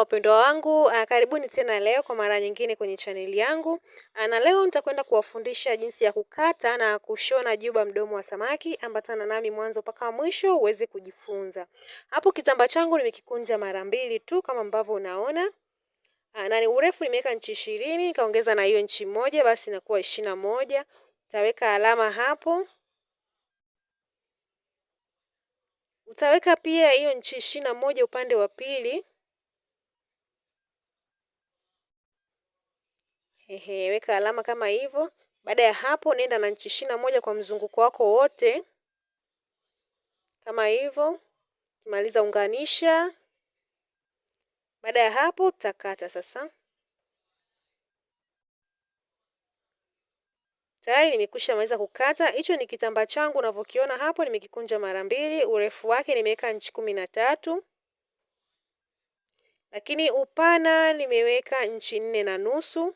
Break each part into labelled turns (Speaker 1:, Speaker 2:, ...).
Speaker 1: wapendwa wangu, ah, karibuni tena leo kwa mara nyingine kwenye chaneli yangu, ah, na leo nitakwenda kuwafundisha jinsi ya kukata na kushona juba mdomo wa samaki. Ambatana nami mwanzo mpaka mwisho uweze kujifunza. Hapo kitambaa changu nimekikunja mara mbili tu kama ambavyo unaona, ah, na ni urefu nimeweka nchi ishirini, nikaongeza na hiyo nchi moja, basi inakuwa ishirini na moja. Utaweka alama hapo utaweka pia hiyo nchi ishirini na moja upande wa pili Ehe, weka alama kama hivyo. Baada ya hapo, nenda na nchi ishirini na moja kwa mzunguko wako wote kama hivyo. Maliza, unganisha. Baada ya hapo, utakata sasa. Tayari nimekwisha maliza kukata. Hicho ni kitambaa changu unavyokiona hapo, nimekikunja mara mbili. Urefu wake nimeweka nchi kumi na tatu lakini upana nimeweka nchi nne na nusu.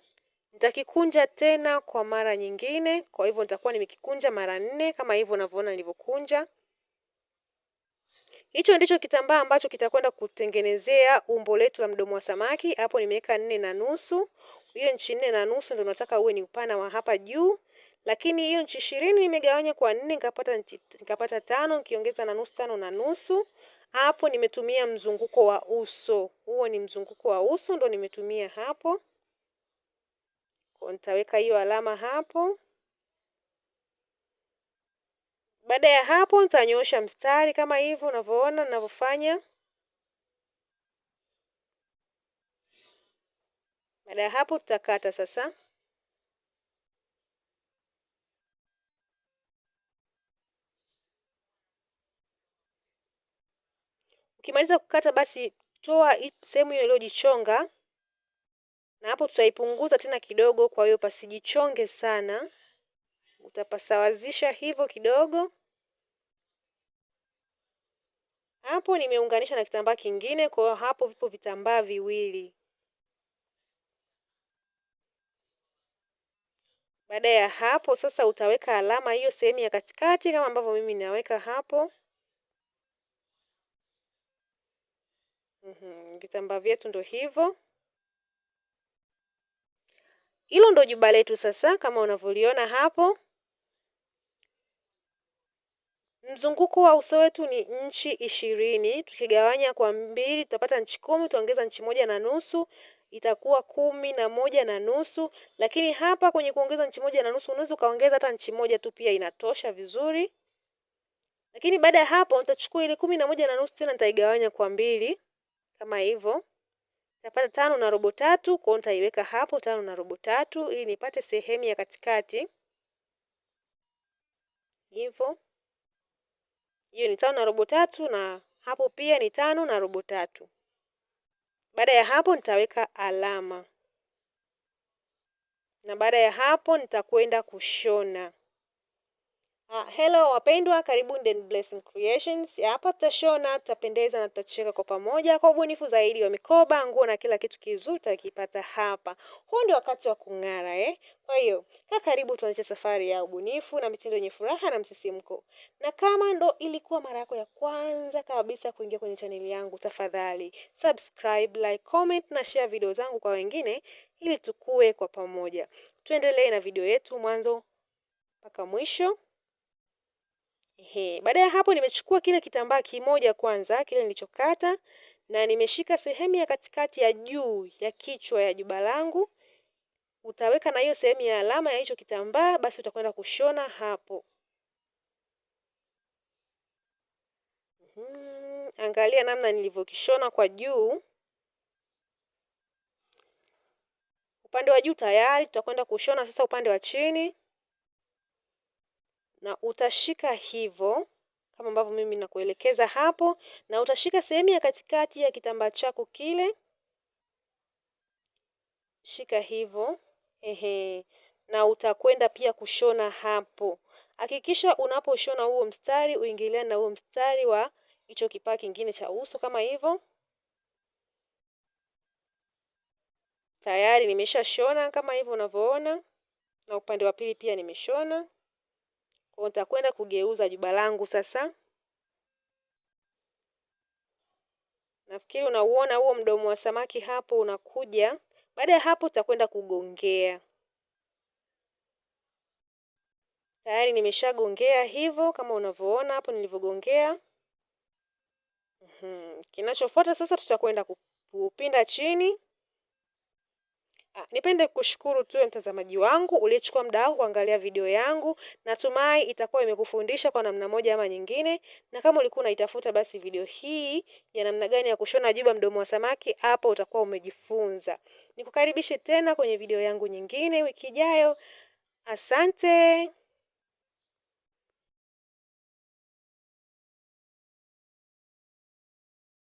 Speaker 1: Nitakikunja tena kwa mara nyingine. Kwa hivyo nitakuwa nimekikunja mara nne kama hivyo unavyoona nilivyokunja. Hicho ndicho kitambaa ambacho kitakwenda kutengenezea umbo letu la mdomo wa samaki. Hapo nimeweka nne na nusu. Hiyo nchi nne na nusu ndio nataka uwe ni upana wa hapa juu, lakini hiyo nchi ishirini nimegawanya kwa nne nikapata nikapata tano nikiongeza na nusu, tano na nusu. Hapo nimetumia mzunguko wa uso, huo ni mzunguko wa uso ndo nimetumia hapo nitaweka hiyo alama hapo. Baada ya hapo, nitanyoosha mstari kama hivyo unavyoona ninavyofanya. Baada ya hapo, tutakata sasa. Ukimaliza kukata, basi toa sehemu hiyo iliyojichonga na hapo tutaipunguza tena kidogo, kwa hiyo pasijichonge sana, utapasawazisha hivyo kidogo. Hapo nimeunganisha na kitambaa kingine, kwa hiyo hapo vipo vitambaa viwili. Baada ya hapo sasa, utaweka alama hiyo sehemu ya katikati kama ambavyo mimi naweka hapo. Mhm, vitambaa vyetu ndo hivyo. Hilo ndo jumba letu sasa kama unavyoliona hapo. Mzunguko wa uso wetu ni nchi ishirini. Tukigawanya kwa mbili tutapata nchi kumi, tuongeza nchi moja na nusu itakuwa kumi na moja na nusu. Lakini hapa kwenye kuongeza nchi moja na nusu unaweza ukaongeza hata nchi moja tu pia inatosha vizuri. Lakini baada ya hapo nitachukua ile kumi na moja na nusu tena nitaigawanya kwa mbili kama hivyo. Napata tano na robo tatu, kwa hiyo nitaiweka hapo tano na robo tatu ili nipate sehemu ya katikati. Hivyo hiyo ni tano na robo tatu, na hapo pia ni tano na robo tatu. Baada ya hapo nitaweka alama, na baada ya hapo nitakwenda kushona. Ah, hello wapendwa, karibu Den Blessing Creations. hapa tutashona, tutapendeza na tutacheka kwa pamoja kwa ubunifu zaidi wa mikoba, nguo na kila kitu kizuri tutakipata hapa. Huu ndio wakati wa kung'ara eh. Kwa hiyo ka karibu tuanze safari ya ubunifu na mitindo yenye furaha na msisimko. Na kama ndo ilikuwa mara yako ya kwanza kabisa kuingia kwenye chaneli yangu, tafadhali subscribe, like, comment na share video zangu kwa wengine ili tukue kwa pamoja. Tuendelee na video yetu mwanzo mpaka mwisho. Ehe, baada ya hapo nimechukua kile kitambaa kimoja kwanza, kile nilichokata na nimeshika sehemu ya katikati ya juu ya kichwa ya juba langu. Utaweka na hiyo sehemu ya alama ya hicho kitambaa, basi utakwenda kushona hapo. Hmm, angalia namna nilivyokishona kwa juu. Upande wa juu tayari, tutakwenda kushona sasa upande wa chini na utashika hivo kama ambavyo mimi nakuelekeza hapo, na utashika sehemu ya katikati ya kitambaa chako kile, shika hivo ehe, na utakwenda pia kushona hapo. Hakikisha unaposhona huo mstari uingiliane na huo mstari wa hicho kipaa kingine cha uso kama hivyo. Tayari nimeshashona kama hivyo unavyoona, na upande wa pili pia nimeshona. Kwa nitakwenda kugeuza juba langu sasa. Nafikiri unauona huo mdomo wa samaki hapo unakuja. Baada ya hapo utakwenda kugongea. Tayari nimeshagongea hivyo kama unavyoona hapo nilivyogongea. Mhm. Kinachofuata sasa, tutakwenda kupinda chini. Ah, nipende kushukuru tu mtazamaji wangu uliyechukua muda wako kuangalia video yangu. Natumai itakuwa imekufundisha kwa namna moja ama nyingine, na kama ulikuwa unaitafuta basi video hii ya namna gani ya kushona juba mdomo wa samaki, hapo utakuwa umejifunza. Nikukaribishe tena kwenye video yangu nyingine wiki ijayo. Asante.